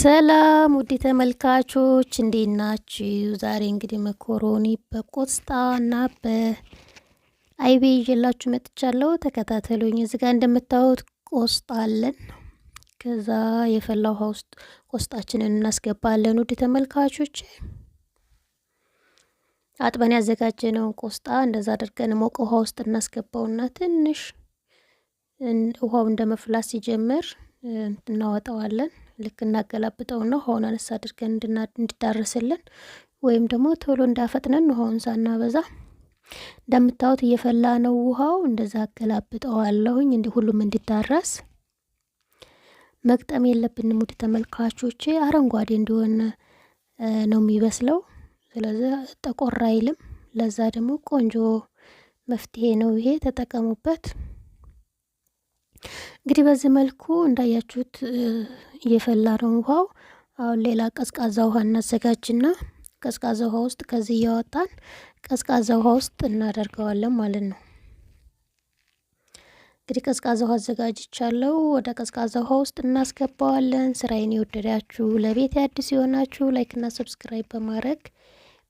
ሰላም ውድ ተመልካቾች እንዴት ናችሁ? ዛሬ እንግዲህ መኮሮኒ በቆስጣ እና በአይቤ ይዤላችሁ መጥቻለሁ። ተከታተሉኝ። እዚህ ጋር እንደምታዩት ቆስጣ አለን። ከዛ የፈላ ውሃ ውስጥ ቆስጣችንን እናስገባለን። ውድ ተመልካቾች አጥበን ያዘጋጀነውን ቆስጣ እንደዛ አድርገን ሞቀ ውሃ ውስጥ እናስገባውና ትንሽ ውሃው እንደመፍላት ሲጀምር እናወጣዋለን። ልክ እናገላብጠውና ውሃውን አነሳ አድርገን እንዲዳረስልን ወይም ደግሞ ቶሎ እንዳፈጥነን ውሃውን ሳናበዛ እንደምታዩት እየፈላ ነው ውሃው። እንደዛ አገላብጠዋለሁኝ እንዲ ሁሉም እንዲዳረስ። መግጠም የለብንም ውድ ተመልካቾቼ፣ አረንጓዴ እንዲሆን ነው የሚበስለው። ስለዚህ ጠቆር አይልም። ለዛ ደግሞ ቆንጆ መፍትሄ ነው ይሄ፣ ተጠቀሙበት። እንግዲህ በዚህ መልኩ እንዳያችሁት እየፈላ ነው ውሃው። አሁን ሌላ ቀዝቃዛ ውሃ እናዘጋጅና ቀዝቃዛ ውሃ ውስጥ ከዚህ እያወጣን ቀዝቃዛ ውሃ ውስጥ እናደርገዋለን ማለት ነው። እንግዲህ ቀዝቃዛ ውሃ አዘጋጅቻለሁ። ወደ ቀዝቃዛ ውሃ ውስጥ እናስገባዋለን። ስራዬን የወደዳችሁ ለቤት አዲስ የሆናችሁ ላይክና ሰብስክራይብ በማድረግ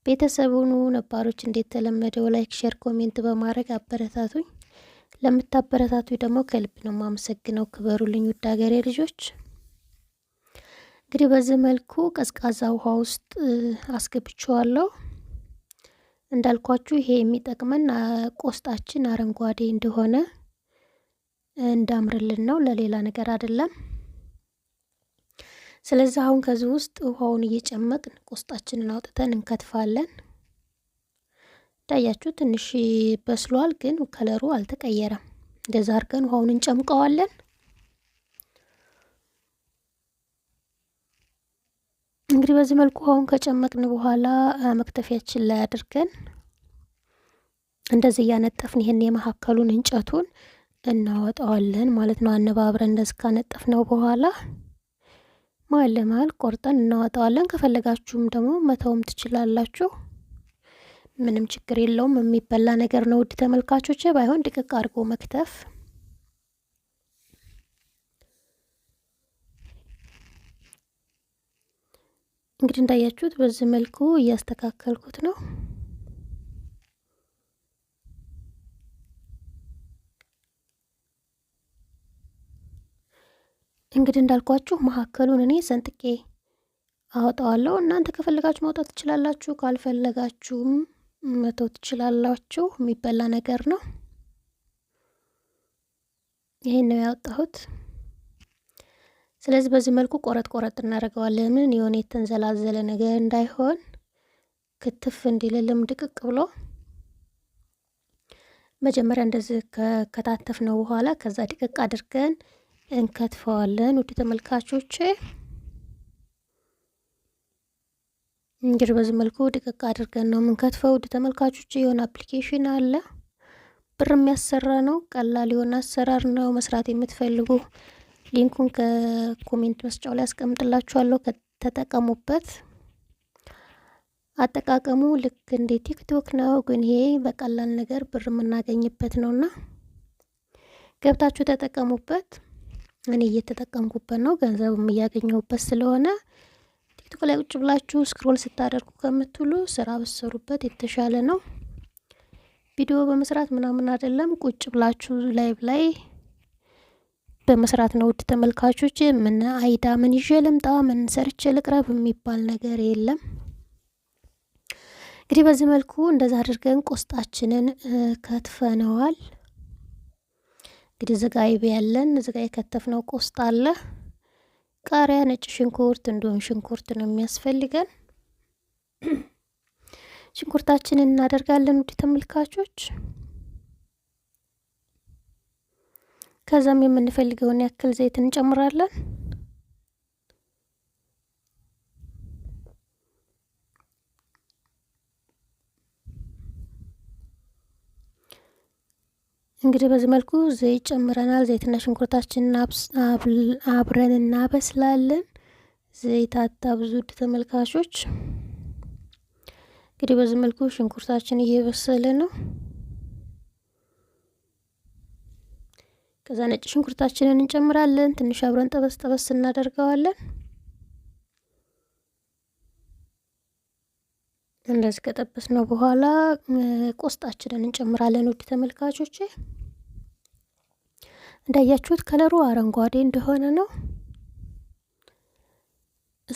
ቤተሰቡኑ ነባሮች እንደተለመደው ላይክ፣ ሼር፣ ኮሜንት በማድረግ አበረታቱኝ። ለምታበረታቱ ደግሞ ከልብ ነው የማመሰግነው። ክበሩልኝ ውድ ሀገሬ ልጆች። እንግዲህ በዚህ መልኩ ቀዝቃዛ ውሃ ውስጥ አስገብቼዋለሁ። እንዳልኳችሁ ይሄ የሚጠቅመን ቆስጣችን አረንጓዴ እንደሆነ እንዳምርልን ነው፣ ለሌላ ነገር አይደለም። ስለዚህ አሁን ከዚህ ውስጥ ውሃውን እየጨመቅን ቆስጣችንን አውጥተን እንከትፋለን። ታያችሁ ትንሽ በስሏል፣ ግን ከለሩ አልተቀየረም። እንደዛ አድርገን ውሃውን እንጨምቀዋለን። እንግዲህ በዚህ መልኩ ውሃውን ከጨመቅን በኋላ መክተፊያችን ላይ አድርገን እንደዚህ እያነጠፍን ይህን የመካከሉን እንጨቱን እናወጣዋለን ማለት ነው። አነባብረን እንደዚህ ካነጠፍነው በኋላ መሀል ለመሀል ቆርጠን እናወጣዋለን። ከፈለጋችሁም ደግሞ መተውም ትችላላችሁ። ምንም ችግር የለውም፣ የሚበላ ነገር ነው። ውድ ተመልካቾች ባይሆን ድቅቅ አድርጎ መክተፍ እንግዲህ እንዳያችሁት በዚህ መልኩ እያስተካከልኩት ነው። እንግዲህ እንዳልኳችሁ መካከሉን እኔ ሰንጥቄ አወጣዋለሁ። እናንተ ከፈለጋችሁ ማውጣት ትችላላችሁ፣ ካልፈለጋችሁም መተው ትችላላችሁ። የሚበላ ነገር ነው። ይህን ነው ያወጣሁት። ስለዚህ በዚህ መልኩ ቆረጥ ቆረጥ እናደርገዋለን። የሆነ የተንዘላዘለ ነገር እንዳይሆን ክትፍ እንዲልልም ድቅቅ ብሎ መጀመሪያ እንደዚህ ከታተፍ ነው በኋላ ከዛ ድቅቅ አድርገን እንከትፈዋለን። ውድ ተመልካቾቼ እንግዲህ በዚህ መልኩ ድቅቅ አድርገን ነው የምንከትፈው። ውድ ተመልካቾች የሆነ አፕሊኬሽን አለ፣ ብር የሚያሰራ ነው። ቀላል የሆነ አሰራር ነው። መስራት የምትፈልጉ ሊንኩን ከኮሜንት መስጫው ላይ አስቀምጥላችኋለሁ። ከተጠቀሙበት አጠቃቀሙ ልክ እንደ ቲክቶክ ነው፣ ግን ይሄ በቀላል ነገር ብር የምናገኝበት ነውና ገብታችሁ ተጠቀሙበት። እኔ እየተጠቀምኩበት ነው፣ ገንዘብም እያገኘሁበት ስለሆነ ቲክቶክ ላይ ቁጭ ብላችሁ ስክሮል ስታደርጉ ከምትሉ ስራ ብትሰሩበት የተሻለ ነው። ቪዲዮ በመስራት ምናምን አይደለም፣ ቁጭ ብላችሁ ላይቭ ላይ በመስራት ነው። ውድ ተመልካቾች ምን አይዳ ምን ይዤ ልምጣ ምን ሰርቼ ልቅረብ የሚባል ነገር የለም። እንግዲህ በዚህ መልኩ እንደዛ አድርገን ቆስጣችንን ከትፈነዋል። እንግዲህ ዝጋ ያለን ዝጋ የከተፍነው ቆስጣ አለ። ቃሪያ፣ ነጭ ሽንኩርት እንዲሁም ሽንኩርት ነው የሚያስፈልገን። ሽንኩርታችንን እናደርጋለን ውድ ተመልካቾች። ከዛም የምንፈልገውን ያክል ዘይት እንጨምራለን። እንግዲህ በዚህ መልኩ ዘይት ጨምረናል። ዘይትና ሽንኩርታችንን አብረን እናበስላለን። ዘይት አታብዙ ውድ ተመልካቾች። እንግዲህ በዚህ መልኩ ሽንኩርታችን እየበሰለ ነው። ከዛ ነጭ ሽንኩርታችንን እንጨምራለን። ትንሽ አብረን ጠበስ ጠበስ እናደርገዋለን። እንደዚህ ከጠበስ ነው በኋላ ቆስጣችንን እንጨምራለን። ውድ ተመልካቾች እንዳያችሁት ከለሩ አረንጓዴ እንደሆነ ነው።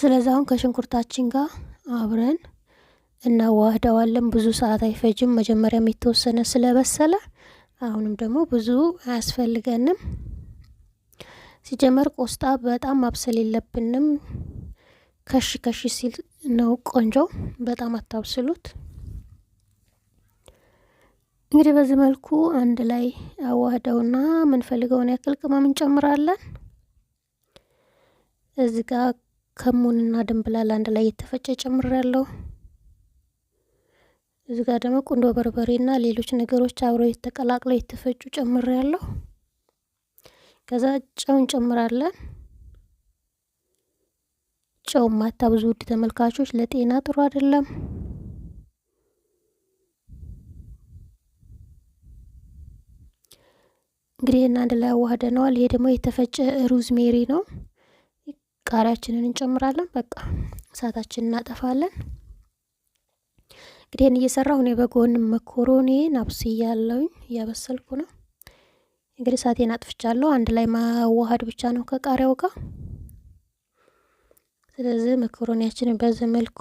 ስለዚ አሁን ከሽንኩርታችን ጋር አብረን እናዋህደዋለን። ብዙ ሰዓት አይፈጅም። መጀመሪያም የተወሰነ ስለበሰለ አሁንም ደግሞ ብዙ አያስፈልገንም። ሲጀመር ቆስጣ በጣም ማብሰል የለብንም። ከሺ ከሺ ሲል ነው ቆንጆ። በጣም አታብስሉት። እንግዲህ በዚህ መልኩ አንድ ላይ አዋህደውና የምንፈልገውን ያክል ቅመም እንጨምራለን። እዚህ ጋ ከሙንና ድንብላል አንድ ላይ የተፈጨ ያለው እዚ ጋ ደግሞ ቁንዶ በርበሬና ሌሎች ነገሮች አብረው የተቀላቅለው የተፈጩ ያለው ከዛ ጨው እንጨምራለን። ጨው ማታብዙ ውድ ተመልካቾች ለጤና ጥሩ አይደለም። እንግዲህ እና አንድ ላይ አዋህደነዋል። ይሄ ደግሞ የተፈጨ ሩዝሜሪ ነው። ቃሪያችንን እንጨምራለን። በቃ እሳታችንን እናጠፋለን። እንግዲህ ይህን እየሰራሁ እኔ በጎን ናብስ አብስያለሁኝ እያበሰልኩ ነው። እንግዲህ እሳቴን አጥፍቻለሁ። አንድ ላይ ማዋሃድ ብቻ ነው ከቃሪያው ጋር ስለዚህ መኮሮኒያችንን በዚህ መልኩ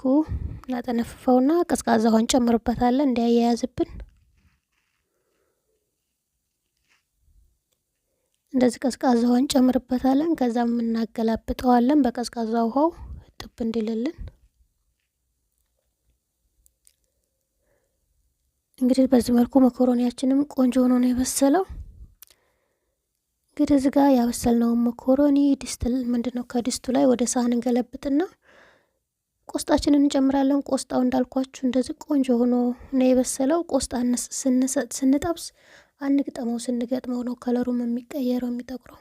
እናጠነፍፈውና ቀዝቃዛ ውሃን ጨምርበታለን እንዳያያዝብን። እንደዚህ ቀዝቃዛ ውሃን ጨምርበታለን። ከዛም እናገላብጠዋለን በቀዝቃዛ ውሃው ጥብ እንዲልልን። እንግዲህ በዚህ መልኩ መኮሮኒያችንም ቆንጆ ሆኖ ነው የበሰለው። እንግዲህ እዚህ ጋር ያበሰልነውን መኮሮኒ ድስትል ምንድን ነው ከድስቱ ላይ ወደ ሳህን እንገለብጥና ቆስጣችንን እንጨምራለን። ቆስጣው እንዳልኳችሁ እንደዚህ ቆንጆ ሆኖ ነው የበሰለው። ቆስጣ ስንጠብስ አንግጠመው፣ ስንገጥመው ነው ከለሩም የሚቀየረው የሚጠቁረው።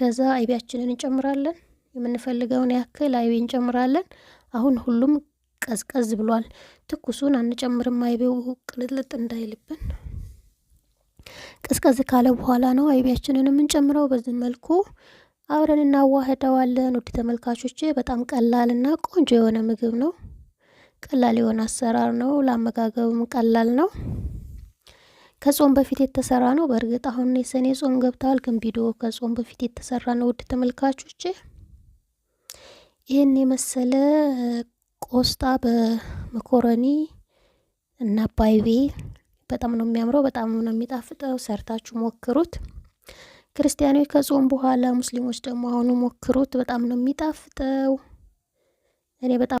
ከዛ አይቢያችንን እንጨምራለን። የምንፈልገውን ያክል አይቤ እንጨምራለን። አሁን ሁሉም ቀዝቀዝ ብሏል። ትኩሱን አንጨምርም፣ አይቤው ቅልጥልጥ እንዳይልብን ቀዝቀዝ ካለ በኋላ ነው አይቢያችንን የምንጨምረው። በዚህ መልኩ አብረን እናዋህደዋለን። ውድ ተመልካቾች በጣም ቀላልና ቆንጆ የሆነ ምግብ ነው። ቀላል የሆነ አሰራር ነው። ለአመጋገብም ቀላል ነው። ከጾም በፊት የተሰራ ነው። በእርግጥ አሁን የሰኔ ጾም ገብተዋል፣ ግን ቪዲዮ ከጾም በፊት የተሰራ ነው። ውድ ተመልካቾች ይህን የመሰለ ቆስጣ በመኮረኒ እና ባይቤ በጣም ነው የሚያምረው፣ በጣም ነው የሚጣፍጠው። ሰርታችሁ ሞክሩት። ክርስቲያኖች ከጾም በኋላ፣ ሙስሊሞች ደግሞ አሁኑ ሞክሩት። በጣም ነው የሚጣፍጠው። እኔ በጣም